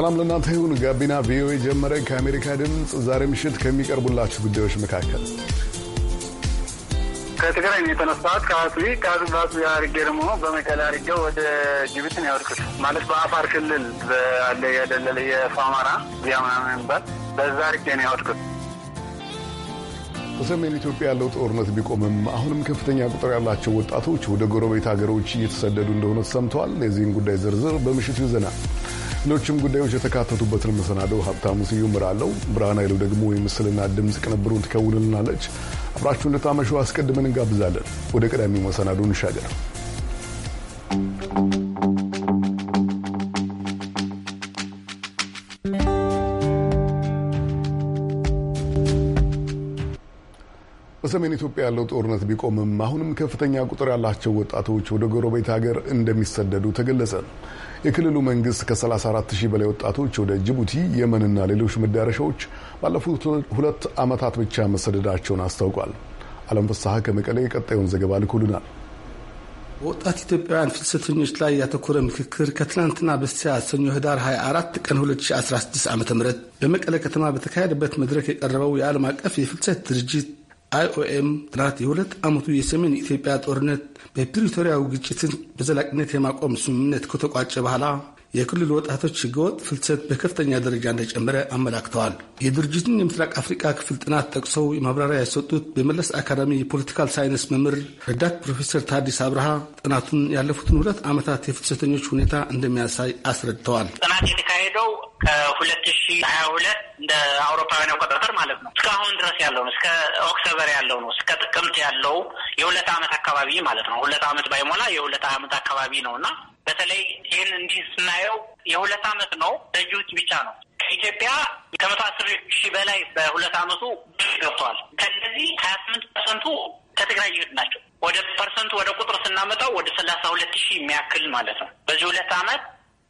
ሰላም ለእናንተ ይሁን። ጋቢና ቪኦኤ ጀመረ። ከአሜሪካ ድምፅ ዛሬ ምሽት ከሚቀርቡላችሁ ጉዳዮች መካከል ከትግራይ ነው የተነሳሁት። ከአቱ ከአጽቢ አድርጌ ደግሞ በመቀሌ አድርጌ ወደ ጅቡቲ ነው ያወድኩት። ማለት በአፋር ክልል አለ የደለለ የፋማራ ያ ምናምን የሚባል በዛ አድርጌ ነው ያወድኩት። በሰሜን ኢትዮጵያ ያለው ጦርነት ቢቆምም አሁንም ከፍተኛ ቁጥር ያላቸው ወጣቶች ወደ ጎረቤት ሀገሮች እየተሰደዱ እንደሆነ ተሰምተዋል። የዚህን ጉዳይ ዝርዝር በምሽቱ ይዘናል። ሌሎችም ጉዳዮች የተካተቱበትን መሰናደው ሀብታሙ ስዩም አለው። ብርሃን ኃይሉ ደግሞ የምስልና ድምፅ ቅንብሩን ትከውንልናለች። አብራችሁ እንድታመሹ አስቀድመን እንጋብዛለን። ወደ ቀዳሚው መሰናዶ እንሻገር። በሰሜን ኢትዮጵያ ያለው ጦርነት ቢቆምም አሁንም ከፍተኛ ቁጥር ያላቸው ወጣቶች ወደ ጎረቤት ሀገር እንደሚሰደዱ ተገለጸ። የክልሉ መንግስት ከ34 ሺህ በላይ ወጣቶች ወደ ጅቡቲ፣ የመንና ሌሎች መዳረሻዎች ባለፉት ሁለት ዓመታት ብቻ መሰደዳቸውን አስታውቋል። አለም ፍስሐ ከመቀሌ የቀጣዩን ዘገባ ልኮልናል። በወጣት ኢትዮጵያውያን ፍልሰተኞች ላይ ያተኮረ ምክክር ከትናንትና በስቲያ ሰኞ ህዳር 24 ቀን 2016 ዓ ም በመቀለ ከተማ በተካሄደበት መድረክ የቀረበው የዓለም አቀፍ የፍልሰት ድርጅት አይኦኤም ጥናት የሁለት ዓመቱ የሰሜን ኢትዮጵያ ጦርነት በፕሪቶሪያው ግጭትን በዘላቂነት የማቆም ስምምነት ከተቋጨ በኋላ የክልል ወጣቶች ህገወጥ ፍልሰት በከፍተኛ ደረጃ እንደጨመረ አመላክተዋል። የድርጅቱን የምስራቅ አፍሪካ ክፍል ጥናት ጠቅሰው ማብራሪያ የሰጡት በመለስ አካዳሚ የፖለቲካል ሳይንስ መምህር ረዳት ፕሮፌሰር ታዲስ አብርሃ ጥናቱን ያለፉትን ሁለት ዓመታት የፍልሰተኞች ሁኔታ እንደሚያሳይ አስረድተዋል። ጥናት የተካሄደው ከሁለት ሺ ሀያ ሁለት እንደ አውሮፓውያን አቆጣጠር ማለት ነው እስካሁን ድረስ ያለው ነው። እስከ ኦክቶበር ያለው ነው። እስከ ጥቅምት ያለው የሁለት አመት አካባቢ ማለት ነው። ሁለት አመት ባይሞላ የሁለት አመት አካባቢ ነው እና በተለይ ይህን እንዲህ ስናየው የሁለት አመት ነው በጅቡቲ ብቻ ነው ኢትዮጵያ ከመቶ አስር ሺህ በላይ በሁለት አመቱ ገብተዋል። ከእነዚህ ሀያ ስምንት ፐርሰንቱ ከትግራይ ይሁድ ናቸው። ወደ ፐርሰንቱ ወደ ቁጥር ስናመጣው ወደ ሰላሳ ሁለት ሺህ የሚያክል ማለት ነው በዚህ ሁለት አመት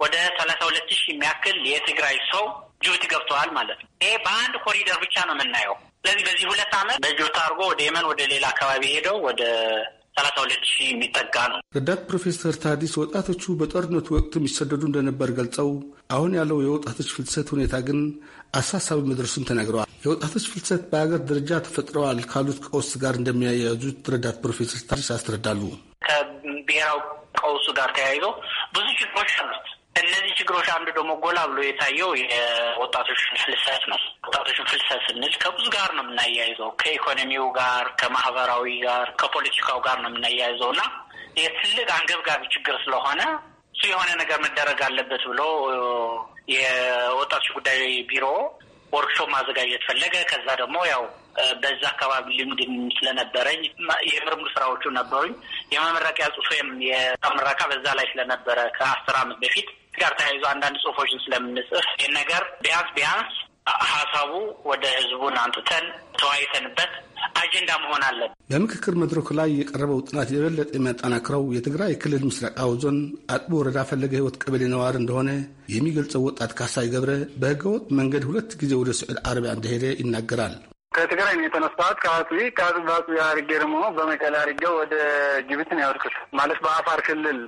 ወደ ሰላሳ ሁለት ሺህ የሚያክል የትግራይ ሰው ጅቡቲ ገብተዋል ማለት ነው። ይሄ በአንድ ኮሪደር ብቻ ነው የምናየው። ስለዚህ በዚህ ሁለት ዓመት በጆታ አድርጎ ወደ የመን ወደ ሌላ አካባቢ ሄደው ወደ ሰላሳ ሁለት ሺህ የሚጠጋ ነው። ረዳት ፕሮፌሰር ታዲስ ወጣቶቹ በጦርነቱ ወቅት የሚሰደዱ እንደነበር ገልጸው አሁን ያለው የወጣቶች ፍልሰት ሁኔታ ግን አሳሳቢ መድረሱን ተናግረዋል። የወጣቶች ፍልሰት በሀገር ደረጃ ተፈጥረዋል ካሉት ቀውስ ጋር እንደሚያያዙት ረዳት ፕሮፌሰር ታዲስ ያስረዳሉ። ከብሔራዊ ቀውሱ ጋር ተያይዞ ብዙ ችግሮች አሉት። እነዚህ ችግሮች አንዱ ደግሞ ጎላ ብሎ የታየው የወጣቶችን ፍልሰት ነው። ወጣቶችን ፍልሰት ስንል ከብዙ ጋር ነው የምናያይዘው፣ ከኢኮኖሚው ጋር፣ ከማህበራዊ ጋር፣ ከፖለቲካው ጋር ነው የምናያይዘው እና የትልቅ አንገብጋቢ ችግር ስለሆነ እሱ የሆነ ነገር መደረግ አለበት ብሎ የወጣቶች ጉዳይ ቢሮ ወርክሾፕ ማዘጋጀት ፈለገ። ከዛ ደግሞ ያው በዛ አካባቢ ልምድ ስለነበረኝ የምርምር ስራዎቹ ነበሩኝ። የመመረቂያ ወይም የምረቃ በዛ ላይ ስለነበረ ከአስር ዓመት በፊት ጋር ተያይዞ አንዳንድ ጽሁፎችን ስለምንጽፍ ይህን ነገር ቢያንስ ቢያንስ ሀሳቡ ወደ ህዝቡን አንጥተን ተወያይተንበት አጀንዳ መሆን አለን። በምክክር መድረኩ ላይ የቀረበው ጥናት የበለጠ የሚያጠናክረው የትግራይ ክልል ምስራቃዊ ዞን አጥቦ ወረዳ ፈለገ ህይወት ቀበሌ ነዋሪ እንደሆነ የሚገልጸው ወጣት ካሳይ ገብረ በህገወጥ መንገድ ሁለት ጊዜ ወደ ስዑድ አረቢያ እንደሄደ ይናገራል። ከትግራይ ነው የተነሳሁት። ከአጽቢ ከአጽቢ በአጽቢ አድርጌ ደግሞ በመቀሌ አድርጌው ወደ ጅቡቲ ነው ያወርኩት። ማለት በአፋር ክልል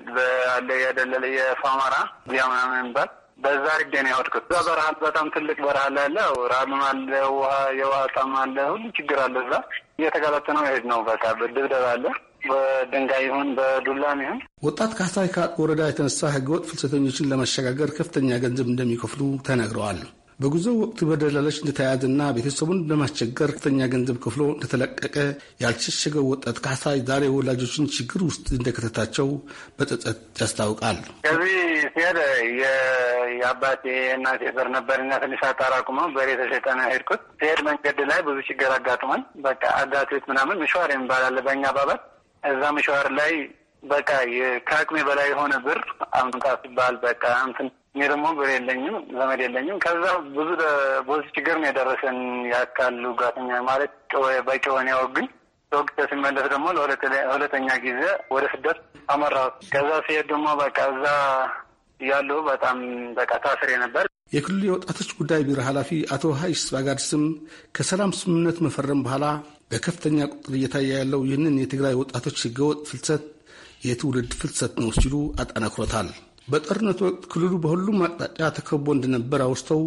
አለ የደለለ የፋማራ እዚያ ምናምን የሚባል በዛ አድርጌ ነው ያወርኩት። እዛ በረሃ በጣም ትልቅ በረሃ ላለ ራብም አለ ውሃ የውሃ ጣም አለ ሁሉ ችግር አለ። እዛ እየተጋለጥ ነው ሄድ ነው በቃ ድብደባ አለ በድንጋይ ይሁን በዱላም ይሁን። ወጣት ካሳይ ወረዳ የተነሳ ህገወጥ ፍልሰተኞችን ለመሸጋገር ከፍተኛ ገንዘብ እንደሚከፍሉ ተነግረዋል። በጉዞ ወቅት በደላሎች እንደተያያዘና ቤተሰቡን ለማስቸገር ከፍተኛ ገንዘብ ክፍሎ እንደተለቀቀ ያልሸሸገው ወጣት ካሳ ዛሬ ወላጆችን ችግር ውስጥ እንደከተታቸው በጸጸት ያስታውቃል። ከዚህ ሲሄድ የአባቴ እናቴ በር ነበርና ትንሽ አታራቁመው በሬ ተሸጠና ሄድኩት። ሲሄድ መንገድ ላይ ብዙ ችግር አጋጥሟል። በቃ አጋቴት ምናምን ምሸዋር የሚባላለ በእኛ አባባል እዛ ምሸዋር ላይ በቃ ከአቅሜ በላይ የሆነ ብር አምጣ ሲባል በቃ እንትን እኔ ደግሞ ብር የለኝም፣ ዘመድ የለኝም። ከዛ ብዙ ብዙ ችግር ነው የደረሰን። ያካሉ ጉዳተኛ ማለት በቂ ሆነ ያወግኝ ወቅት ሲመለስ ደግሞ ለሁለተኛ ጊዜ ወደ ስደት አመራሁት። ከዛ ሲሄድ ደግሞ በቃ እዛ ያለው በጣም በቃ ታስሬ ነበር። የክልሉ የወጣቶች ጉዳይ ቢሮ ኃላፊ አቶ ሀይስ ባጋድስም ከሰላም ስምምነት መፈረም በኋላ በከፍተኛ ቁጥር እየታየ ያለው ይህንን የትግራይ ወጣቶች ህገወጥ ፍልሰት የትውልድ ፍልሰት ነው ሲሉ አጠናክሮታል። በጦርነት ወቅት ክልሉ በሁሉም አቅጣጫ ተከቦ እንደነበር አውስተው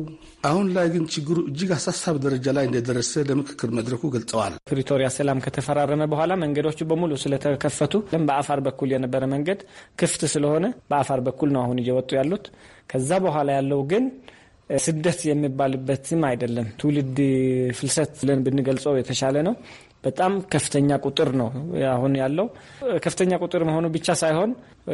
አሁን ላይ ግን ችግሩ እጅግ አሳሳቢ ደረጃ ላይ እንደደረሰ ለምክክር መድረኩ ገልጸዋል። ፕሪቶሪያ ሰላም ከተፈራረመ በኋላ መንገዶቹ በሙሉ ስለተከፈቱ በአፋር በኩል የነበረ መንገድ ክፍት ስለሆነ በአፋር በኩል ነው አሁን እየወጡ ያሉት። ከዛ በኋላ ያለው ግን ስደት የሚባልበትም አይደለም። ትውልድ ፍልሰት ብለን ብንገልጸው የተሻለ ነው። በጣም ከፍተኛ ቁጥር ነው አሁን ያለው። ከፍተኛ ቁጥር መሆኑ ብቻ ሳይሆን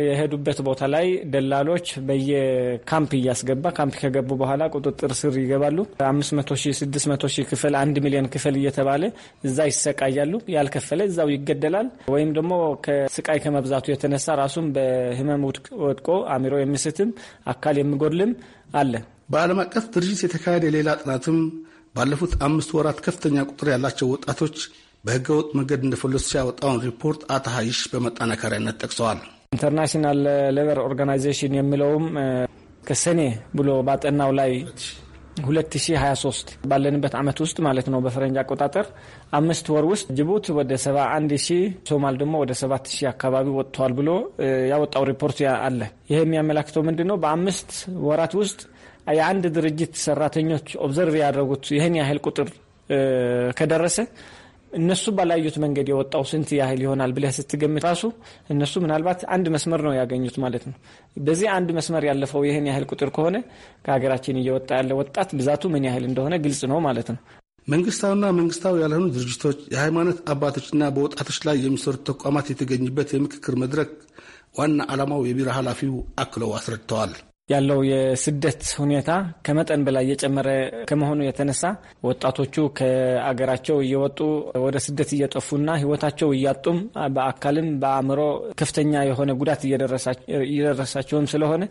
የሄዱበት ቦታ ላይ ደላሎች በየካምፕ እያስገባ ካምፕ ከገቡ በኋላ ቁጥጥር ስር ይገባሉ። አምስት መቶ ሺህ ስድስት መቶ ሺህ ክፍል አንድ ሚሊዮን ክፍል እየተባለ እዛ ይሰቃያሉ። ያልከፈለ እዛው ይገደላል። ወይም ደግሞ ከስቃይ ከመብዛቱ የተነሳ ራሱን በህመም ወድቆ አእምሮ የሚስትም አካል የሚጎድልም አለ። በዓለም አቀፍ ድርጅት የተካሄደ ሌላ ጥናትም ባለፉት አምስት ወራት ከፍተኛ ቁጥር ያላቸው ወጣቶች በህገ ወጥ መንገድ እንደፈለሱ ሲያወጣውን ሪፖርት አታሃይሽ በመጠናከሪያነት ጠቅሰዋል። ኢንተርናሽናል ሌበር ኦርጋናይዜሽን የሚለውም ከሰኔ ብሎ ባጠናው ላይ 2023 ባለንበት ዓመት ውስጥ ማለት ነው በፈረንጅ አቆጣጠር አምስት ወር ውስጥ ጅቡቲ ወደ 71 ሺህ ሶማል ደግሞ ወደ 7 ሺህ አካባቢ ወጥተዋል ብሎ ያወጣው ሪፖርት አለ። ይህ የሚያመላክተው ምንድን ነው? በአምስት ወራት ውስጥ የአንድ ድርጅት ሰራተኞች ኦብዘርቭ ያደረጉት ይህን ያህል ቁጥር ከደረሰ እነሱ ባላዩት መንገድ የወጣው ስንት ያህል ይሆናል ብለህ ስትገምት ራሱ እነሱ ምናልባት አንድ መስመር ነው ያገኙት ማለት ነው። በዚህ አንድ መስመር ያለፈው ይህን ያህል ቁጥር ከሆነ ከሀገራችን እየወጣ ያለ ወጣት ብዛቱ ምን ያህል እንደሆነ ግልጽ ነው ማለት ነው። መንግስታዊና መንግስታዊ ያልሆኑ ድርጅቶች፣ የሃይማኖት አባቶችና በወጣቶች ላይ የሚሰሩ ተቋማት የተገኙበት የምክክር መድረክ ዋና ዓላማው የቢሮ ኃላፊው አክለው አስረድተዋል። ያለው የስደት ሁኔታ ከመጠን በላይ እየጨመረ ከመሆኑ የተነሳ ወጣቶቹ ከአገራቸው እየወጡ ወደ ስደት እየጠፉና ሕይወታቸው እያጡም በአካልም በአእምሮ ከፍተኛ የሆነ ጉዳት እየደረሳቸውም ስለሆነ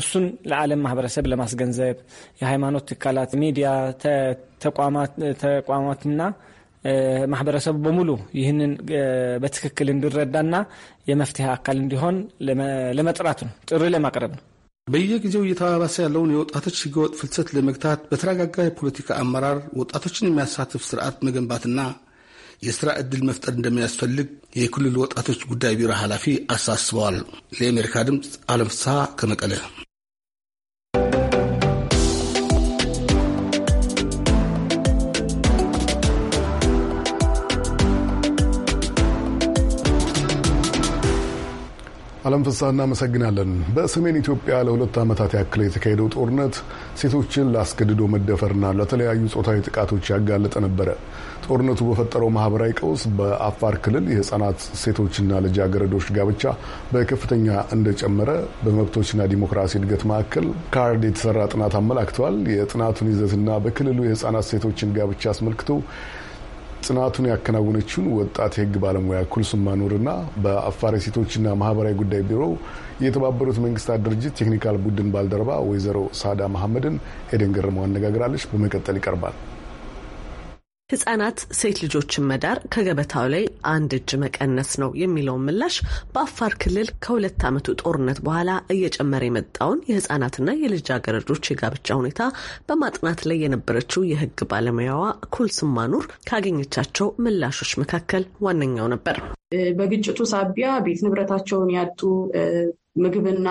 እሱን ለዓለም ማህበረሰብ ለማስገንዘብ የሃይማኖት ትካላት፣ ሚዲያ ተቋማትና ማህበረሰቡ በሙሉ ይህንን በትክክል እንዲረዳና የመፍትሄ አካል እንዲሆን ለመጥራት ነው፣ ጥሪ ለማቅረብ ነው። በየጊዜው እየተባባሰ ያለውን የወጣቶች ህገወጥ ፍልሰት ለመግታት በተረጋጋ የፖለቲካ አመራር ወጣቶችን የሚያሳትፍ ስርዓት መገንባትና የስራ ዕድል መፍጠር እንደሚያስፈልግ የክልሉ ወጣቶች ጉዳይ ቢሮ ኃላፊ አሳስበዋል። ለአሜሪካ ድምፅ አለም ፍስሐ ከመቀለ አለም ፍሳ እናመሰግናለን። በሰሜን ኢትዮጵያ ለሁለት ዓመታት ያክል የተካሄደው ጦርነት ሴቶችን ላስገድዶ መደፈርና ለተለያዩ ጾታዊ ጥቃቶች ያጋለጠ ነበረ። ጦርነቱ በፈጠረው ማህበራዊ ቀውስ በአፋር ክልል የህጻናት ሴቶችና ልጃገረዶች ጋብቻ በከፍተኛ እንደጨመረ በመብቶችና ዲሞክራሲ እድገት ማዕከል ካርድ የተሰራ ጥናት አመላክተዋል። የጥናቱን ይዘትና በክልሉ የህጻናት ሴቶችን ጋብቻ አስመልክቶ ጥናቱን ያከናወነችውን ወጣት የህግ ባለሙያ ኩልሱማ ኑርና በአፋር ሴቶችና ማህበራዊ ጉዳይ ቢሮ የተባበሩት መንግስታት ድርጅት ቴክኒካል ቡድን ባልደረባ ወይዘሮ ሳዳ መሐመድን ኤደን ገርመው አነጋግራለች። በመቀጠል ይቀርባል። ህጻናት ሴት ልጆችን መዳር ከገበታው ላይ አንድ እጅ መቀነስ ነው የሚለውን ምላሽ በአፋር ክልል ከሁለት ዓመቱ ጦርነት በኋላ እየጨመረ የመጣውን የህጻናትና የልጃገረዶች የጋብቻ ሁኔታ በማጥናት ላይ የነበረችው የህግ ባለሙያዋ ኩልስም ማኑር ካገኘቻቸው ምላሾች መካከል ዋነኛው ነበር። በግጭቱ ሳቢያ ቤት ንብረታቸውን ያጡ ምግብና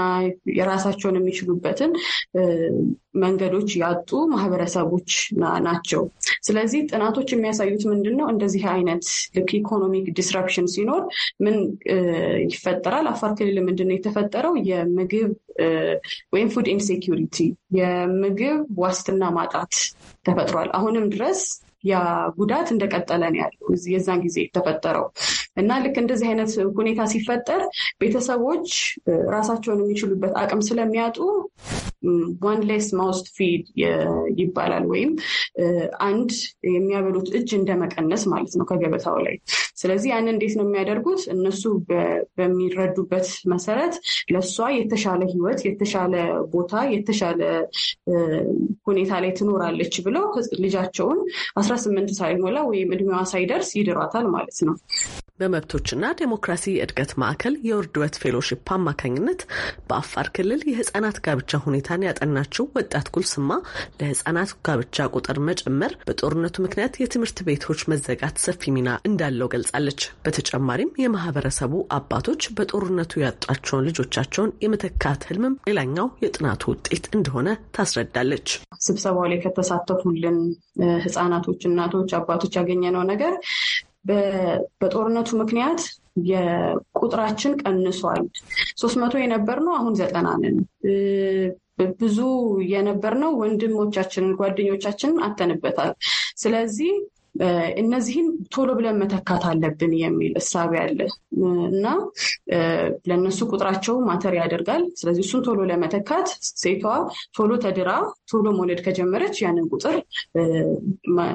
የራሳቸውን የሚችሉበትን መንገዶች ያጡ ማህበረሰቦች ናቸው። ስለዚህ ጥናቶች የሚያሳዩት ምንድን ነው? እንደዚህ አይነት ልክ ኢኮኖሚክ ዲስራፕሽን ሲኖር ምን ይፈጠራል? አፋር ክልል ምንድን ነው የተፈጠረው? የምግብ ወይም ፉድ ኢንሴኪሪቲ የምግብ ዋስትና ማጣት ተፈጥሯል። አሁንም ድረስ ያ ጉዳት እንደቀጠለ ነው ያለው የዛን ጊዜ የተፈጠረው እና ልክ እንደዚህ አይነት ሁኔታ ሲፈጠር ቤተሰቦች ራሳቸውን የሚችሉበት አቅም ስለሚያጡ ዋን ሌስ ማውስት ፊድ ይባላል ወይም አንድ የሚያበሉት እጅ እንደመቀነስ ማለት ነው ከገበታው ላይ። ስለዚህ ያን እንዴት ነው የሚያደርጉት? እነሱ በሚረዱበት መሰረት ለእሷ የተሻለ ህይወት፣ የተሻለ ቦታ፣ የተሻለ ሁኔታ ላይ ትኖራለች ብለው ልጃቸውን አስራ ስምንት ሳይሞላ ወይም እድሜዋ ሳይደርስ ይድሯታል ማለት ነው። በመብቶችና ዴሞክራሲ እድገት ማዕከል የውርድበት ፌሎሽፕ አማካኝነት በአፋር ክልል የህፃናት ጋብቻ ሁኔታ ሁኔታን ያጠናችው ወጣት ጉልስማ ለህጻናት ጋብቻ ቁጥር መጨመር በጦርነቱ ምክንያት የትምህርት ቤቶች መዘጋት ሰፊ ሚና እንዳለው ገልጻለች። በተጨማሪም የማህበረሰቡ አባቶች በጦርነቱ ያጧቸውን ልጆቻቸውን የመተካት ህልምም ሌላኛው የጥናቱ ውጤት እንደሆነ ታስረዳለች። ስብሰባው ላይ ከተሳተፉልን ህጻናቶች፣ እናቶች፣ አባቶች ያገኘነው ነገር በጦርነቱ ምክንያት ቁጥራችን ቀንሷል። ሶስት መቶ የነበር ነው አሁን ዘጠና ነን። ብዙ የነበር ነው ወንድሞቻችንን ጓደኞቻችንን አተንበታል። ስለዚህ እነዚህን ቶሎ ብለን መተካት አለብን የሚል እሳቤ አለ እና ለእነሱ ቁጥራቸው ማተር ያደርጋል። ስለዚህ እሱን ቶሎ ለመተካት ሴቷ ቶሎ ተድራ ቶሎ መውለድ ከጀመረች ያንን ቁጥር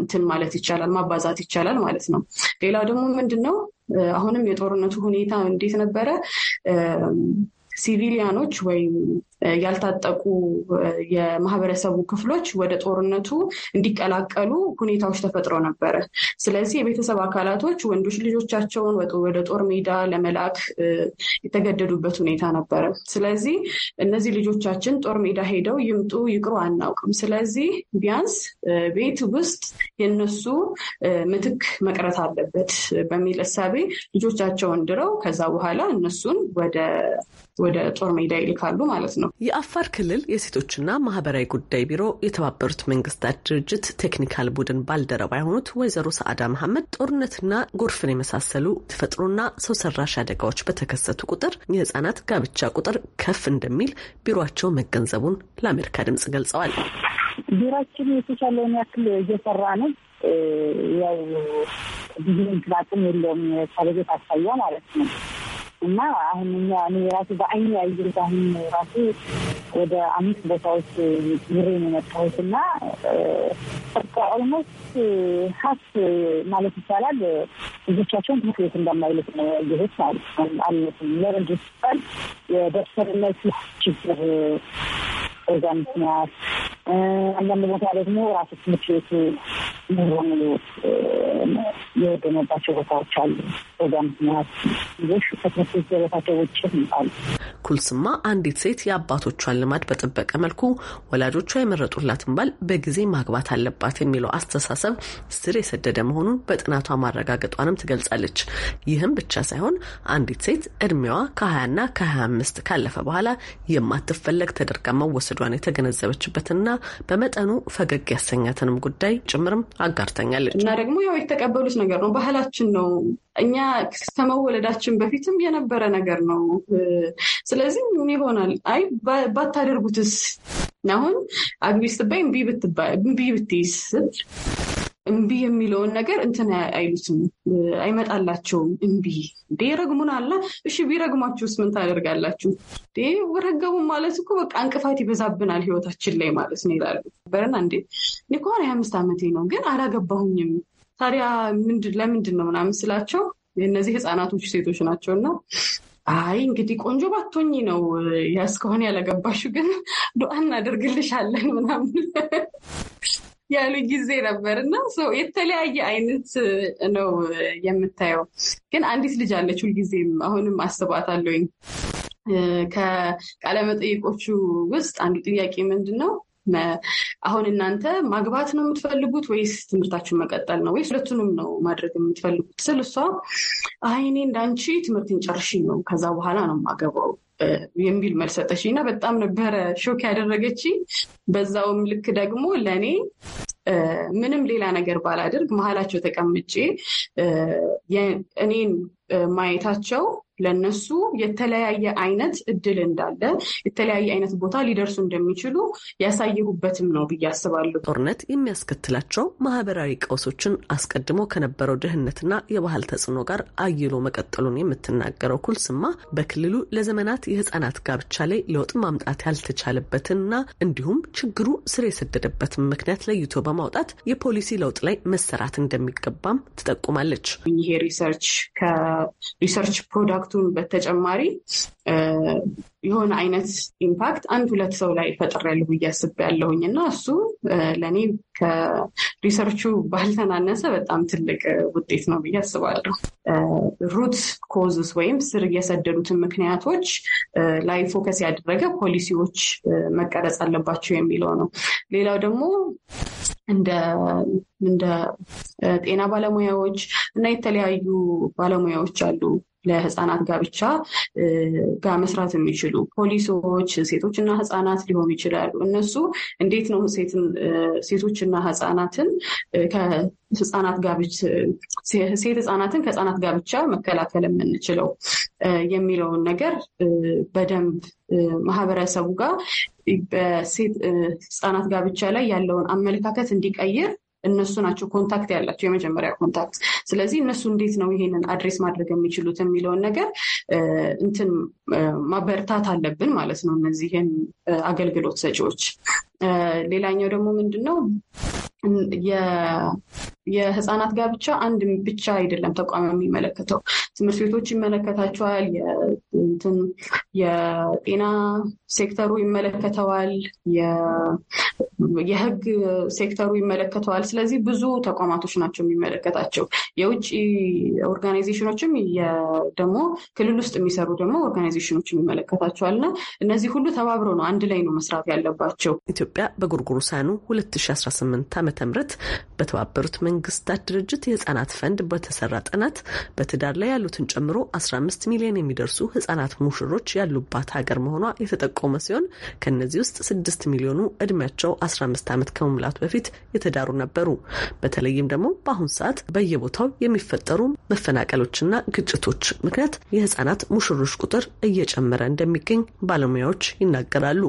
እንትን ማለት ይቻላል፣ ማባዛት ይቻላል ማለት ነው። ሌላው ደግሞ ምንድን ነው አሁንም የጦርነቱ ሁኔታ እንዴት ነበረ? ሲቪሊያኖች ወይም ያልታጠቁ የማህበረሰቡ ክፍሎች ወደ ጦርነቱ እንዲቀላቀሉ ሁኔታዎች ተፈጥሮ ነበረ። ስለዚህ የቤተሰብ አካላቶች ወንዶች ልጆቻቸውን ወደ ጦር ሜዳ ለመላክ የተገደዱበት ሁኔታ ነበረ። ስለዚህ እነዚህ ልጆቻችን ጦር ሜዳ ሄደው ይምጡ ይቅሩ አናውቅም። ስለዚህ ቢያንስ ቤት ውስጥ የነሱ ምትክ መቅረት አለበት በሚል እሳቤ ልጆቻቸውን ድረው ከዛ በኋላ እነሱን ወደ ጦር ሜዳ ይልካሉ ማለት ነው። የአፋር ክልል የሴቶችና ማህበራዊ ጉዳይ ቢሮ የተባበሩት መንግስታት ድርጅት ቴክኒካል ቡድን ባልደረባ የሆኑት ወይዘሮ ሰአዳ መሐመድ ጦርነትና ጎርፍን የመሳሰሉ ተፈጥሮና ሰው ሰራሽ አደጋዎች በተከሰቱ ቁጥር የህጻናት ጋብቻ ቁጥር ከፍ እንደሚል ቢሮቸው መገንዘቡን ለአሜሪካ ድምጽ ገልጸዋል። ቢሮችን የተቻለውን ያክል እየሰራ ነው። ያው ብዙ ምክንያቱም የለውም ከበጀት አሳያ ማለት ነው እና አሁን እኛ እኔ ራሱ በአይኔ ያየሁት አሁን ራሱ ወደ አምስት ቦታዎች ይሬ ነው የመጣሁት እና በቃ ኦልሞስት ሀስ ማለት ይቻላል ልጆቻቸውን ትምህርት ቤት እንደማይልክ ነው ያየሁት ማለት ነው። አለትም ለረጅ ሲባል የደብተርነት ችግር በዛ ምክንያት አንዳንድ ቦታ ደግሞ ራሱ ትምህርት ቤቱ ሙሉ በሙሉ የወደመባቸው ቦታዎች አሉ። በዛ ምክንያት ልጆች ከትምህርት ገበታቸው ውጭ ይምጣሉ። ኩልስማ አንዲት ሴት የአባቶቿን ልማድ በጠበቀ መልኩ ወላጆቿ የመረጡላትን ባል በጊዜ ማግባት አለባት የሚለው አስተሳሰብ ስር የሰደደ መሆኑን በጥናቷ ማረጋገጧንም ትገልጻለች። ይህም ብቻ ሳይሆን አንዲት ሴት እድሜዋ ከ20ና ከ25 ካለፈ በኋላ የማትፈለግ ተደርጋ መወሰዷን የተገነዘበችበትና በመጠኑ ፈገግ ያሰኛትንም ጉዳይ ጭምርም አጋርተኛለች። እና ደግሞ ያው የተቀበሉት ነገር ነው፣ ባህላችን ነው። እኛ ከመወለዳችን በፊትም የነበረ ነገር ነው። ስለዚህ ምን ይሆናል? አይ ባታደርጉትስ? አሁን አግቢ ስትባይ እምቢ ብትይስ እምቢ የሚለውን ነገር እንትን አይሉትም፣ አይመጣላቸውም። እምቢ ረግሙን አለ። እሺ ቢረግሟችሁስ ምን ታደርጋላችሁ? ረገሙ ማለት እኮ በቃ እንቅፋት ይበዛብናል ህይወታችን ላይ ማለት ነው ይላሉ። በረና እንዴ ኒኮን ሀያ አምስት ዓመቴ ነው ግን አላገባሁኝም። ታዲያ ለምንድን ነው ምናምን ስላቸው እነዚህ ህፃናቶች ሴቶች ናቸው እና አይ እንግዲህ ቆንጆ ባቶኝ ነው ያስከሆን ያለገባሹ ግን ዱአ እናደርግልሻለን ምናምን ያሉ ጊዜ ነበር እና ሰው የተለያየ አይነት ነው የምታየው። ግን አንዲት ልጅ አለች ሁልጊዜም አሁንም አስባታለሁኝ። ከቃለመጠይቆቹ ውስጥ አንዱ ጥያቄ ምንድን ነው አሁን እናንተ ማግባት ነው የምትፈልጉት ወይስ ትምህርታችሁን መቀጠል ነው ወይስ ሁለቱንም ነው ማድረግ የምትፈልጉት ስል እሷ አይኔ እንዳንቺ ትምህርትን ጨርሽ ነው ከዛ በኋላ ነው ማገባው የሚል መልሰጠች እና በጣም ነበረ ሾክ ያደረገች በዛውም ልክ ደግሞ ለእኔ ምንም ሌላ ነገር ባላደርግ መሀላቸው ተቀምጬ እኔን ማየታቸው ለነሱ የተለያየ አይነት እድል እንዳለ የተለያየ አይነት ቦታ ሊደርሱ እንደሚችሉ ያሳየሁበትም ነው ብዬ አስባለሁ። ጦርነት የሚያስከትላቸው ማህበራዊ ቀውሶችን አስቀድሞ ከነበረው ድህነትና የባህል ተጽዕኖ ጋር አይሎ መቀጠሉን የምትናገረው ኩልስማ በክልሉ ለዘመናት የህፃናት ጋብቻ ላይ ለውጥ ማምጣት ያልተቻለበትንና እንዲሁም ችግሩ ስር የሰደደበትን ምክንያት ለይቶ በማውጣት የፖሊሲ ለውጥ ላይ መሰራት እንደሚገባም ትጠቁማለች። ይሄ ሪሰርች ከሪሰርች ፕሮዳክት ከኢምፓክቱን በተጨማሪ የሆነ አይነት ኢምፓክት አንድ ሁለት ሰው ላይ ፈጥሬያለሁ ብዬ አስቤያለሁኝ እና እሱ ለእኔ ከሪሰርቹ ባልተናነሰ በጣም ትልቅ ውጤት ነው ብዬ አስባለሁ። ሩት ኮዝስ ወይም ስር እየሰደዱትን ምክንያቶች ላይ ፎከስ ያደረገ ፖሊሲዎች መቀረጽ አለባቸው የሚለው ነው። ሌላው ደግሞ እንደ ጤና ባለሙያዎች እና የተለያዩ ባለሙያዎች አሉ ለህፃናት ጋብቻ ጋር መስራት የሚችሉ ፖሊሶች፣ ሴቶችና ህፃናት ሊሆኑ ይችላሉ። እነሱ እንዴት ነው ሴቶችና ህፃናትን ህጻናት ጋብቻ ሴት ህጻናትን ከህጻናት ጋብቻ መከላከል የምንችለው የሚለውን ነገር በደንብ ማህበረሰቡ ጋር በሴት ህጻናት ጋብቻ ላይ ያለውን አመለካከት እንዲቀይር እነሱ ናቸው ኮንታክት ያላቸው የመጀመሪያ ኮንታክት። ስለዚህ እነሱ እንዴት ነው ይሄንን አድሬስ ማድረግ የሚችሉት የሚለውን ነገር እንትን ማበርታት አለብን ማለት ነው እነዚህን አገልግሎት ሰጪዎች። ሌላኛው ደግሞ ምንድን ነው የህፃናት ጋብቻ አንድ ብቻ አይደለም ተቋም የሚመለከተው። ትምህርት ቤቶች ይመለከታቸዋል፣ የጤና ሴክተሩ ይመለከተዋል፣ የህግ ሴክተሩ ይመለከተዋል። ስለዚህ ብዙ ተቋማቶች ናቸው የሚመለከታቸው። የውጭ ኦርጋናይዜሽኖችም ደግሞ ክልል ውስጥ የሚሰሩ ደግሞ ኦርጋናይዜሽኖች ይመለከታቸዋል እና እነዚህ ሁሉ ተባብረው ነው አንድ ላይ ነው መስራት ያለባቸው። ኢትዮጵያ በጎርጎሮሳውያኑ 2018 ዓ ም በተባበሩት መንግስታት ድርጅት የህጻናት ፈንድ በተሰራ ጥናት በትዳር ላይ ያሉ ያሉትን ጨምሮ 15 ሚሊዮን የሚደርሱ ህጻናት ሙሽሮች ያሉባት ሀገር መሆኗ የተጠቆመ ሲሆን ከእነዚህ ውስጥ 6 ሚሊዮኑ እድሜያቸው 15 ዓመት ከመሙላቱ በፊት የተዳሩ ነበሩ። በተለይም ደግሞ በአሁኑ ሰዓት በየቦታው የሚፈጠሩ መፈናቀሎችና ግጭቶች ምክንያት የህጻናት ሙሽሮች ቁጥር እየጨመረ እንደሚገኝ ባለሙያዎች ይናገራሉ።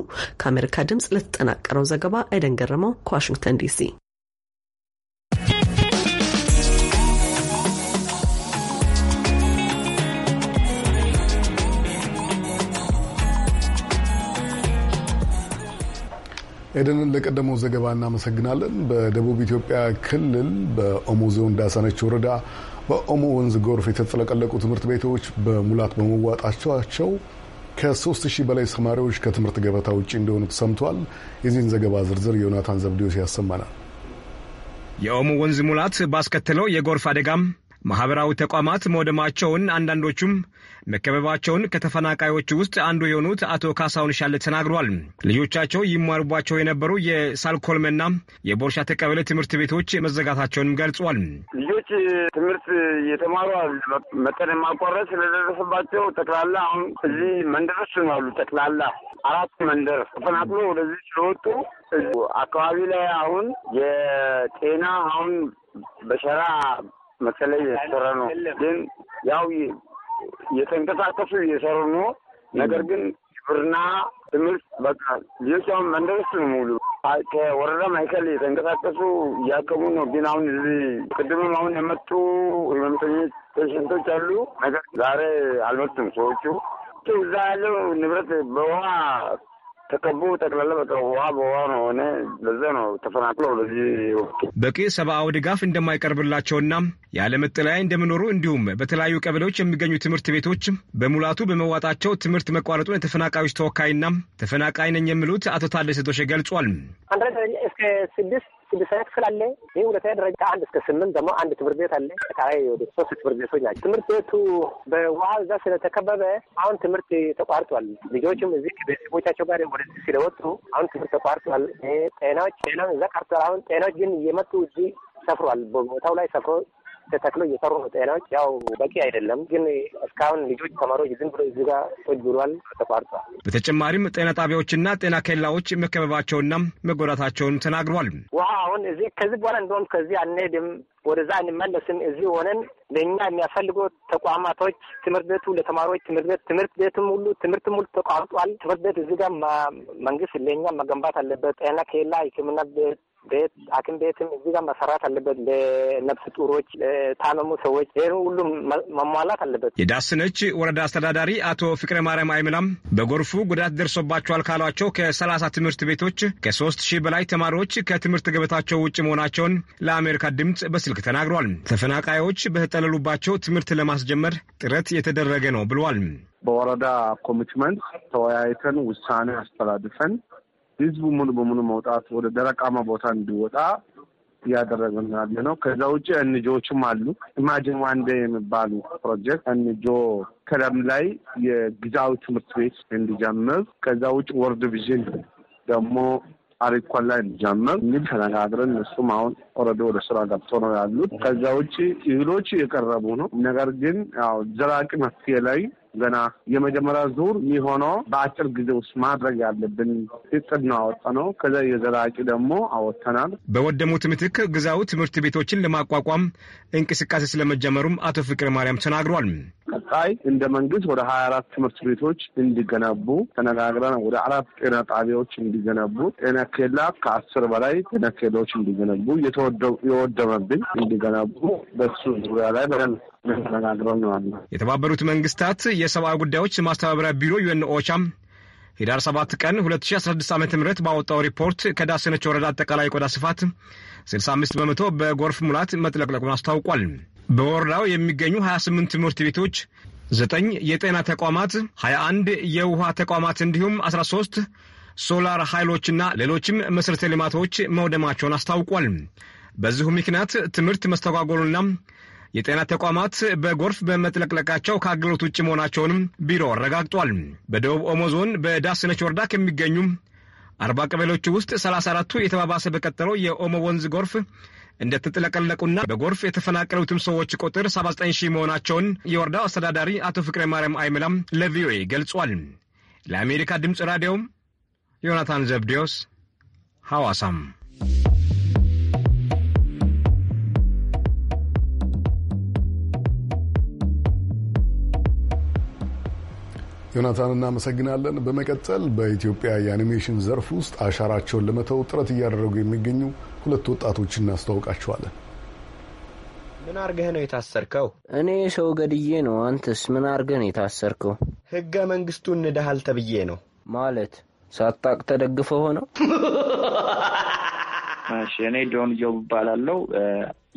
ከአሜሪካ ድምጽ ለተጠናቀረው ዘገባ አይደን ገረመው ከዋሽንግተን ዲሲ ኤደንን ለቀደመው ዘገባ እናመሰግናለን። በደቡብ ኢትዮጵያ ክልል በኦሞ ዞን ዳሰነች ወረዳ በኦሞ ወንዝ ጎርፍ የተጥለቀለቁ ትምህርት ቤቶች በሙላት በመዋጣቸው ከሶስት ሺህ በላይ ተማሪዎች ከትምህርት ገበታ ውጭ እንደሆኑ ተሰምቷል። የዚህን ዘገባ ዝርዝር ዮናታን ዘብዴዎስ ያሰማናል። የኦሞ ወንዝ ሙላት ባስከተለው የጎርፍ አደጋም ማህበራዊ ተቋማት መውደማቸውን አንዳንዶቹም መከበባቸውን ከተፈናቃዮች ውስጥ አንዱ የሆኑት አቶ ካሳሁን ሻለ ተናግሯል። ልጆቻቸው ይማሩባቸው የነበሩ የሳልኮልምና የቦርሻ ተቀበለ ትምህርት ቤቶች መዘጋታቸውንም ገልጿል። ልጆች ትምህርት የተማሩ መጠን የማቋረጥ ስለደረሰባቸው ጠቅላላ አሁን እዚህ መንደር ውስጥ ነው ያሉ ጠቅላላ አራት መንደር ተፈናቅሎ ወደዚህ ስለወጡ አካባቢ ላይ አሁን የጤና አሁን በሸራ መሰለኝ የተሰራ ነው ግን ያው የተንቀሳቀሱ እየሰሩ ነው። ነገር ግን ግብርና፣ ትምህርት በቃ ልጆቿም መንደሮች ነው ሙሉ ከወረዳ ማይከል የተንቀሳቀሱ እያከሙ ነው። ግን አሁን እዚህ ቅድምም አሁን የመጡ ህመምተኞች ፔሽንቶች አሉ። ነገር ዛሬ አልመጡም ሰዎቹ እዛ ያለው ንብረት በውሃ ተቀቡ ጠቅላላ በቃ ውሃ በውሃ ነው ሆነ። ለዛ ነው ተፈናቅለው ወደዚህ ወጡ። በቂ ሰብአዊ ድጋፍ እንደማይቀርብላቸውና ያለ መጠለያ እንደሚኖሩ እንዲሁም በተለያዩ ቀበሌዎች የሚገኙ ትምህርት ቤቶች በሙላቱ በመዋጣቸው ትምህርት መቋረጡን የተፈናቃዮች ተወካይና ተፈናቃይ ነኝ የሚሉት አቶ ታደሰ ቶሼ ገልጿል። አንድ እስከ ስድስት ስድስት አይነት ክፍል አለ። ይህ ሁለተኛ ደረጃ ከአንድ እስከ ስምንት ደግሞ አንድ ትምህርት ቤት አለ። አጠቃላይ ወደ ሶስት ትምህርት ቤቶች ናቸው። ትምህርት ቤቱ በውሃ እዛ ስለተከበበ አሁን ትምህርት ተቋርጧል። ልጆችም እዚህ ቤተሰቦቻቸው ጋር ወደዚህ ስለወጡ አሁን ትምህርት ተቋርጧል። ጤናዎች ጤና እዛ ቀርቷል። አሁን ጤናዎች ግን እየመጡ እዚህ ሰፍሯል። በቦታው ላይ ሰፍሮ ተተክሎ እየሰሩ ነው። ጤናዎች ያው በቂ አይደለም፣ ግን እስካሁን ልጆች ተማሪዎች ዝም ብሎ እዚህ ጋር ቶች ብሏል፣ ተቋርጧል። በተጨማሪም ጤና ጣቢያዎችና ጤና ኬላዎች መከበባቸውና መጎዳታቸውን ተናግሯል። ውሃ አሁን እዚህ ከዚህ በኋላ እንደውም ከዚህ አንሄድም ወደዛ እንመለስም። እዚህ ሆነን ለእኛ የሚያስፈልገው ተቋማቶች ትምህርት ቤቱ ለተማሪዎች ትምህርት ቤት ትምህርት ቤትም ሁሉ ትምህርትም ሁሉ ተቋርጧል። ትምህርት ቤት እዚህ ጋር መንግስት ለእኛ መገንባት አለበት። ጤና ኬላ፣ ሕክምና ቤት ቤት ሐኪም ቤትም እዚህ ጋር መሰራት አለበት። ለነፍስ ጡሮች፣ ለታመሙ ሰዎች ይህ ሁሉም መሟላት አለበት። የዳስነች ወረዳ አስተዳዳሪ አቶ ፍቅረ ማርያም አይምላም በጎርፉ ጉዳት ደርሶባቸዋል ካሏቸው ከሰላሳ ትምህርት ቤቶች ከሶስት ሺህ በላይ ተማሪዎች ከትምህርት ገበታቸው ውጭ መሆናቸውን ለአሜሪካ ድምፅ በስልክ ተናግሯል። ተፈናቃዮች በተጠለሉባቸው ትምህርት ለማስጀመር ጥረት የተደረገ ነው ብሏል። በወረዳ ኮሚትመንት ተወያይተን ውሳኔ አስተላልፈን ህዝቡ ሙሉ በሙሉ መውጣት ወደ ደረቃማ ቦታ እንዲወጣ እያደረግን ያለ ነው። ከዛ ውጭ እንጆዎችም አሉ። ኢማጂን ዋንደ የሚባሉ ፕሮጀክት እንጆ ክረም ላይ የጊዜያዊ ትምህርት ቤት እንዲጀምር፣ ከዛ ውጭ ወርድ ቪዥን ደግሞ አሪኮን ላይ እንዲጀምር እንግዲህ ተነጋግረን እነሱም አሁን ኦልሬዲ ወደ ስራ ገብቶ ነው ያሉት። ከዛ ውጭ እህሎች የቀረቡ ነው። ነገር ግን ያው ዘላቂ መፍትሄ ላይ ገና የመጀመሪያ ዙር የሚሆነው በአጭር ጊዜ ውስጥ ማድረግ ያለብን እቅድ ነው አወጣ ነው። ከዛ የዘላቂ ደግሞ አወጥተናል። በወደሙት ምትክ ግዛው ትምህርት ቤቶችን ለማቋቋም እንቅስቃሴ ስለመጀመሩም አቶ ፍቅረ ማርያም ተናግሯል። ቀጣይ እንደ መንግስት ወደ ሀያ አራት ትምህርት ቤቶች እንዲገነቡ ተነጋግረን ወደ አራት ጤና ጣቢያዎች እንዲገነቡ፣ ጤና ኬላ ከአስር በላይ ጤና ኬላዎች እንዲገነቡ፣ የተወደመብኝ እንዲገነቡ በሱ ዙሪያ ላይ በደንብ ነው የተባበሩት መንግስታት የሰብአዊ ጉዳዮች ማስተባበሪያ ቢሮ ዩኤን ኦቻም ሂዳር 7 ቀን 2016 ዓ ም ባወጣው ሪፖርት ከዳሰነች ወረዳ አጠቃላይ ቆዳ ስፋት 65 በመቶ በጎርፍ ሙላት መጥለቅለቁን አስታውቋል። በወረዳው የሚገኙ 28 ትምህርት ቤቶች፣ 9 የጤና ተቋማት፣ 21 የውሃ ተቋማት እንዲሁም 13 ሶላር ኃይሎችና ሌሎችም መሠረተ ልማቶች መውደማቸውን አስታውቋል። በዚሁ ምክንያት ትምህርት መስተጓጎሉና የጤና ተቋማት በጎርፍ በመጥለቅለቃቸው ከአገልግሎት ውጭ መሆናቸውንም ቢሮ አረጋግጧል። በደቡብ ኦሞ ዞን በዳስነች ወረዳ ከሚገኙ አርባ ቀበሌዎች ውስጥ ሰላሳ አራቱ የተባባሰ በቀጠለው የኦሞ ወንዝ ጎርፍ እንደተጥለቀለቁና በጎርፍ የተፈናቀሉትም ሰዎች ቁጥር 79 ሺህ መሆናቸውን የወረዳው አስተዳዳሪ አቶ ፍቅረ ማርያም አይመላም ለቪኦኤ ገልጿል። ለአሜሪካ ድምፅ ራዲዮ ዮናታን ዘብዴዎስ ሐዋሳም ዮናታን እናመሰግናለን። በመቀጠል በኢትዮጵያ የአኒሜሽን ዘርፍ ውስጥ አሻራቸውን ለመተው ጥረት እያደረጉ የሚገኙ ሁለት ወጣቶች እናስተዋውቃቸዋለን። ምን አርገህ ነው የታሰርከው? እኔ ሰው ገድዬ ነው። አንተስ ምን አርገህ ነው የታሰርከው? ህገ መንግስቱ እንደሃል ተብዬ ነው። ማለት ሳታቅ ተደግፈ ሆነው እኔ ጆን ጆብ እባላለሁ።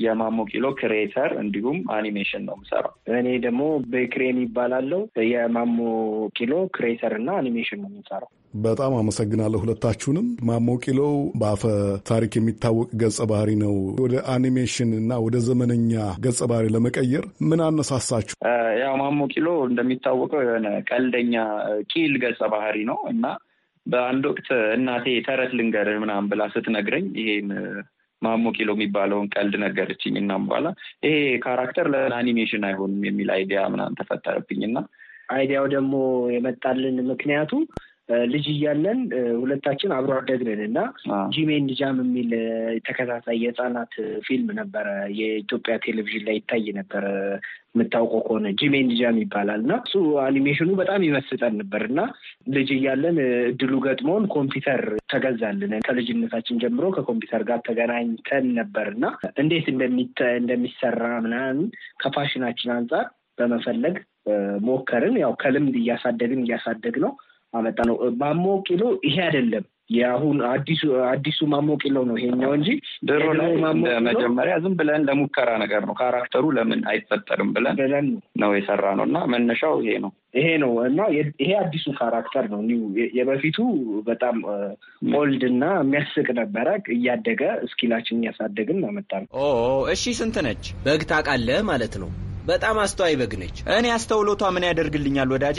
የማሞ ኪሎ ክሬተር እንዲሁም አኒሜሽን ነው የምሰራው። እኔ ደግሞ በክሬ ይባላለው። የማሞ ኪሎ ክሬተር እና አኒሜሽን ነው የምንሰራው። በጣም አመሰግናለሁ ሁለታችሁንም። ማሞ ኪሎ በአፈ ታሪክ የሚታወቅ ገጸ ባህሪ ነው። ወደ አኒሜሽን እና ወደ ዘመነኛ ገጸ ባህሪ ለመቀየር ምን አነሳሳችሁ? ያው ማሞ ኪሎ እንደሚታወቀው የሆነ ቀልደኛ ኪል ገጸ ባህሪ ነው እና በአንድ ወቅት እናቴ ተረት ልንገር ምናምን ብላ ስትነግረኝ ይሄን ማሞ ኪሎ የሚባለውን ቀልድ ነገረችኝ። እናም በኋላ ይሄ ካራክተር ለአኒሜሽን አይሆንም የሚል አይዲያ ምናምን ተፈጠረብኝ እና አይዲያው ደግሞ የመጣልን ምክንያቱ ልጅ እያለን ሁለታችን አብሮ አደግንን እና ጂሜን ጃም የሚል ተከታታይ የህፃናት ፊልም ነበረ። የኢትዮጵያ ቴሌቪዥን ላይ ይታይ ነበረ። የምታውቀው ከሆነ ጂሜን ጃም ይባላል እና እሱ አኒሜሽኑ በጣም ይመስጠን ነበር እና ልጅ እያለን እድሉ ገጥሞን ኮምፒውተር ተገዛልን። ከልጅነታችን ጀምሮ ከኮምፒውተር ጋር ተገናኝተን ነበር እና እንዴት እንደሚሰራ ምናምን ከፋሽናችን አንጻር በመፈለግ ሞከርን። ያው ከልምድ እያሳደግን እያሳደግ ነው አመጣ ነው። ማሞ ቂሎ ይሄ አይደለም። የአሁን አዲሱ አዲሱ ማሞ ቂሎ ነው ይሄኛው እንጂ ድሮ ላይ መጀመሪያ ዝም ብለን ለሙከራ ነገር ነው። ካራክተሩ ለምን አይፈጠርም ብለን ብለን ነው የሰራ ነው እና መነሻው ይሄ ነው ይሄ ነው እና ይሄ አዲሱ ካራክተር ነው። የበፊቱ በጣም ኦልድ እና የሚያስቅ ነበረ። እያደገ እስኪላችን እያሳደግን አመጣ ነው። እሺ ስንት ነች በግ ታውቃለህ ማለት ነው። በጣም አስተዋይ በግ ነች። እኔ አስተውሎቷ ምን ያደርግልኛል ወዳጄ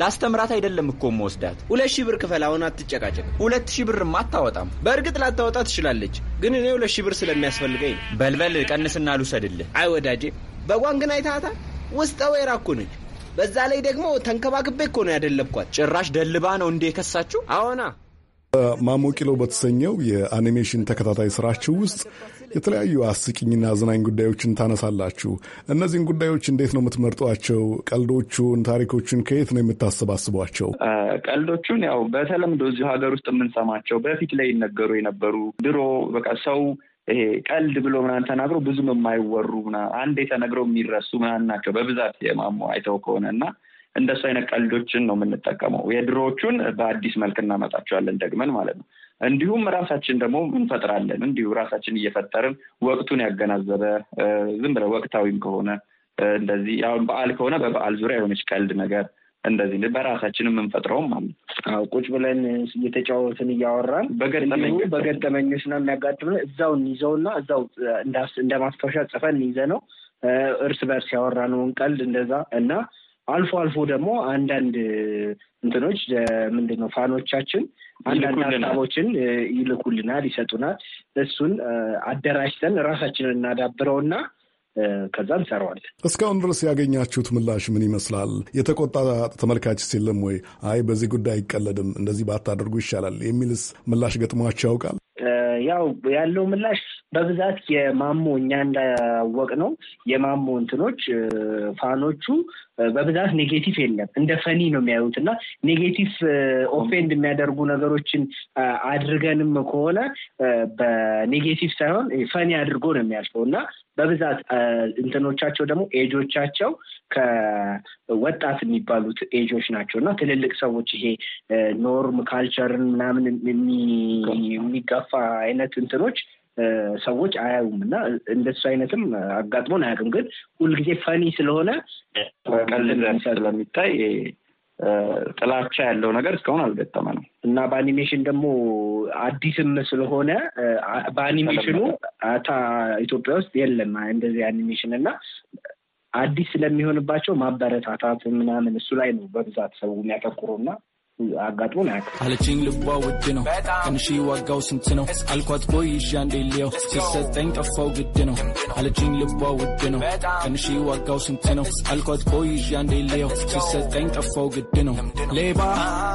ላስተምራት አይደለም እኮ መወስዳት። ሁለት ሺህ ብር ክፈል፣ አሁን አትጨቃጨቅ። ሁለት ሺህ ብርማ አታወጣም። በእርግጥ ላታወጣ ትችላለች፣ ግን እኔ ሁለት ሺህ ብር ስለሚያስፈልገኝ በልበል፣ ቀንስና ልውሰድልህ። አይ ወዳጄ፣ በጓን ግን አይታታል። ውስጠ ወይራ እኮ ነች። በዛ ላይ ደግሞ ተንከባክቤ እኮ ነው ያደለብኳት። ጭራሽ ደልባ ነው እንዴ የከሳችሁ አዎና ማሞቂሎ በተሰኘው የአኒሜሽን ተከታታይ ስራችሁ ውስጥ የተለያዩ አስቂኝና አዝናኝ ጉዳዮችን ታነሳላችሁ። እነዚህን ጉዳዮች እንዴት ነው የምትመርጧቸው? ቀልዶቹን፣ ታሪኮቹን ከየት ነው የምታሰባስቧቸው? ቀልዶቹን ያው በተለምዶ እዚሁ ሀገር ውስጥ የምንሰማቸው በፊት ላይ ይነገሩ የነበሩ ድሮ በቃ ሰው ይሄ ቀልድ ብሎ ምናምን ተናግሮ ብዙም የማይወሩ ምናምን አንዴ ተነግረው የሚረሱ ምናምን ናቸው በብዛት የማሞ አይተው ከሆነ እና እንደሱ አይነት ቀልዶችን ነው የምንጠቀመው። የድሮዎቹን በአዲስ መልክ እናመጣቸዋለን ደግመን ማለት ነው። እንዲሁም ራሳችን ደግሞ እንፈጥራለን። እንዲሁ ራሳችን እየፈጠርን ወቅቱን ያገናዘበ ዝም ብለ ወቅታዊም ከሆነ እንደዚህ አሁን በዓል ከሆነ በበዓል ዙሪያ የሆነች ቀልድ ነገር እንደዚህ በራሳችን የምንፈጥረውም ማለት ነው። ቁጭ ብለን እየተጫወትን እያወራን በገጠመኝ በገጠመኞች እና የሚያጋጥም እዛው እንይዘውና እዛው እንደ ማስታወሻ ጽፈን እንይዘ ነው እርስ በርስ ያወራነውን ቀልድ እንደዛ እና አልፎ አልፎ ደግሞ አንዳንድ እንትኖች ምንድን ነው ፋኖቻችን አንዳንድ ሀሳቦችን ይልኩልናል፣ ይሰጡናል። እሱን አደራጅተን ራሳችንን እናዳብረውና ከዛ እንሰራዋለን። እስካሁን ድረስ ያገኛችሁት ምላሽ ምን ይመስላል? የተቆጣ ተመልካች የለም ወይ? አይ በዚህ ጉዳይ አይቀለድም፣ እንደዚህ ባታደርጉ ይሻላል የሚልስ ምላሽ ገጥሟቸው ያውቃል? ያው ያለው ምላሽ በብዛት የማሞ እኛ እንዳወቅ ነው የማሞ እንትኖች ፋኖቹ በብዛት ኔጌቲቭ የለም እንደ ፈኒ ነው የሚያዩት እና ኔጌቲቭ ኦፌንድ የሚያደርጉ ነገሮችን አድርገንም ከሆነ በኔጌቲቭ ሳይሆን ፈኒ አድርጎ ነው የሚያልፈው እና በብዛት እንትኖቻቸው ደግሞ ኤጆቻቸው ከወጣት የሚባሉት ኤጆች ናቸው እና ትልልቅ ሰዎች ይሄ ኖርም ካልቸርን ምናምን የሚጋፋ አይነት እንትኖች ሰዎች አያዩም እና እንደሱ አይነትም አጋጥሞን አያውቅም። ግን ሁልጊዜ ፈኒ ስለሆነ ስለሚታይ ጥላቻ ያለው ነገር እስካሁን አልገጠመንም እና በአኒሜሽን ደግሞ አዲስም ስለሆነ በአኒሜሽኑ አታ ኢትዮጵያ ውስጥ የለም እንደዚህ አኒሜሽን እና አዲስ ስለሚሆንባቸው ማበረታታት ምናምን እሱ ላይ ነው በብዛት ሰው የሚያተኩሩ እና አጋጥሞን አያውቅም። አለችኝ ልቧ ውድ ነው ትንሽ ዋጋው ስንት ነው አልኳት ቦይ ይዣ እንዴሌው ሲሰጠኝ ጠፋው ግድ ነው አለችኝ ልቧ ውድ ነው ትንሽ ዋጋው ስንት ነው አልኳት ቦይ ይዣ እንዴሌው ሲሰጠኝ ጠፋው ግድ ነው ሌባ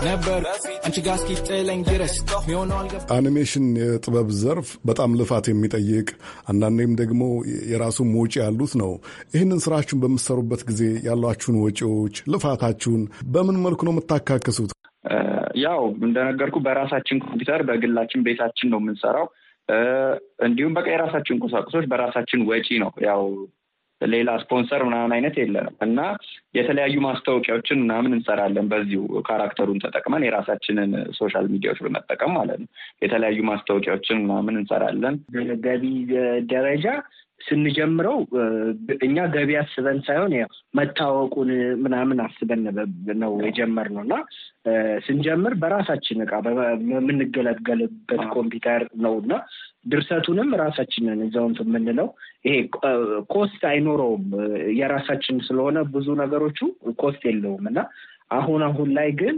ነበር አንቺ ጋር እስኪጥለኝ ድረስ ሚሆነው አልገባ አኒሜሽን የጥበብ ዘርፍ በጣም ልፋት የሚጠይቅ አንዳንዴም ደግሞ የራሱም ወጪ ያሉት ነው። ይህንን ስራችሁን በምትሰሩበት ጊዜ ያሏችሁን ወጪዎች ልፋታችሁን በምን መልኩ ነው የምታካክሱት? ያው እንደነገርኩ በራሳችን ኮምፒውተር በግላችን ቤታችን ነው የምንሰራው። እንዲሁም በቃ የራሳችን ቁሳቁሶች በራሳችን ወጪ ነው ያው ሌላ ስፖንሰር ምናምን አይነት የለንም እና የተለያዩ ማስታወቂያዎችን ምናምን እንሰራለን። በዚሁ ካራክተሩን ተጠቅመን የራሳችንን ሶሻል ሚዲያዎች በመጠቀም ማለት ነው። የተለያዩ ማስታወቂያዎችን ምናምን እንሰራለን። ገቢ ደረጃ ስንጀምረው እኛ ገቢ አስበን ሳይሆን ያው መታወቁን ምናምን አስበን ነው የጀመርነው እና ስንጀምር በራሳችን እቃ የምንገለገልበት ኮምፒውተር ነው እና ድርሰቱንም ራሳችንን እዛውንት የምንለው ይሄ ኮስት አይኖረውም። የራሳችን ስለሆነ ብዙ ነገሮቹ ኮስት የለውም እና አሁን አሁን ላይ ግን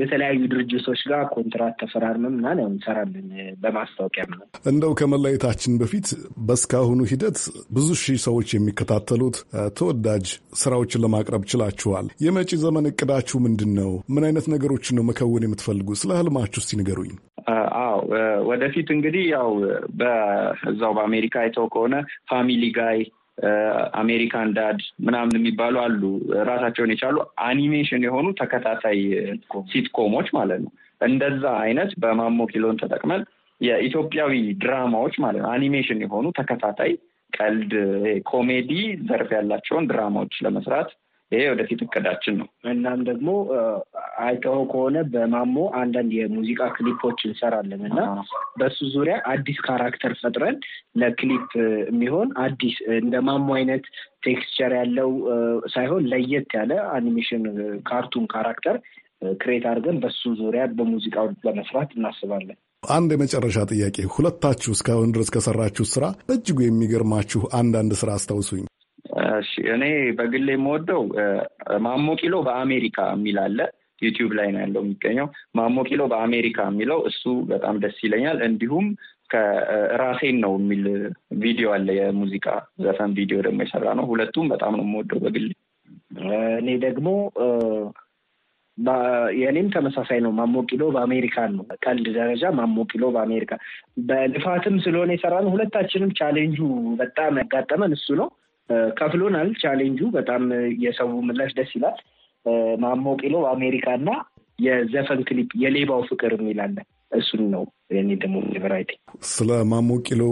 የተለያዩ ድርጅቶች ጋር ኮንትራት ተፈራርመን ምናምን ያው እንሰራለን። በማስታወቂያ ምናምን እንደው ከመለየታችን በፊት በእስካሁኑ ሂደት ብዙ ሺህ ሰዎች የሚከታተሉት ተወዳጅ ስራዎችን ለማቅረብ ችላችኋል። የመጪ ዘመን እቅዳችሁ ምንድን ነው? ምን አይነት ነገሮችን ነው መከወን የምትፈልጉ? ስለ ህልማችሁ እስቲ ንገሩኝ። አዎ ወደፊት እንግዲህ ያው በዛው በአሜሪካ አይተው ከሆነ ፋሚሊ ጋይ አሜሪካን ዳድ ምናምን የሚባሉ አሉ። ራሳቸውን የቻሉ አኒሜሽን የሆኑ ተከታታይ ሲትኮሞች ማለት ነው። እንደዛ አይነት በማሞ ኪሎን ተጠቅመን የኢትዮጵያዊ ድራማዎች ማለት ነው አኒሜሽን የሆኑ ተከታታይ ቀልድ፣ ኮሜዲ ዘርፍ ያላቸውን ድራማዎች ለመስራት ይሄ ወደፊት እቅዳችን ነው። እናም ደግሞ አይተኸው ከሆነ በማሞ አንዳንድ የሙዚቃ ክሊፖች እንሰራለን እና በሱ ዙሪያ አዲስ ካራክተር ፈጥረን ለክሊፕ የሚሆን አዲስ እንደ ማሞ አይነት ቴክስቸር ያለው ሳይሆን ለየት ያለ አኒሜሽን ካርቱን ካራክተር ክሬት አድርገን በሱ ዙሪያ በሙዚቃው ለመስራት እናስባለን። አንድ የመጨረሻ ጥያቄ፣ ሁለታችሁ እስካሁን ድረስ ከሰራችሁ ስራ በእጅጉ የሚገርማችሁ አንዳንድ ስራ አስታውሱኝ። እኔ በግሌ የምወደው ማሞ ኪሎ በአሜሪካ የሚል አለ። ዩቲዩብ ላይ ነው ያለው የሚገኘው። ማሞ ኪሎ በአሜሪካ የሚለው እሱ በጣም ደስ ይለኛል። እንዲሁም ከራሴን ነው የሚል ቪዲዮ አለ። የሙዚቃ ዘፈን ቪዲዮ ደግሞ የሰራ ነው። ሁለቱም በጣም ነው የምወደው በግሌ። እኔ ደግሞ የእኔም ተመሳሳይ ነው። ማሞ ኪሎ ነው ቀልድ ደረጃ ማሞ ኪሎ በአሜሪካ በልፋትም ስለሆነ የሰራ ነው። ሁለታችንም ቻሌንጁ በጣም ያጋጠመን እሱ ነው። ከፍሎናል። ቻሌንጁ በጣም የሰው ምላሽ ደስ ይላል። ማሞ ቂሎ አሜሪካ እና የዘፈን ክሊፕ የሌባው ፍቅር የሚላለ እሱን ነው የኔ ደግሞ ቨራይቲ። ስለ ማሞ ቂሎ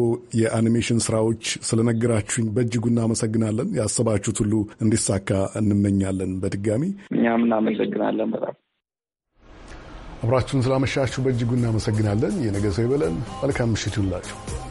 የአኒሜሽን ስራዎች ስለነገራችሁኝ በእጅጉ እናመሰግናለን። ያሰባችሁት ሁሉ እንዲሳካ እንመኛለን። በድጋሚ እኛም እናመሰግናለን። በጣም አብራችሁን ስላመሻችሁ በእጅጉ እናመሰግናለን። የነገ ሰው ይበለን። መልካም ምሽት ይሁንላችሁ።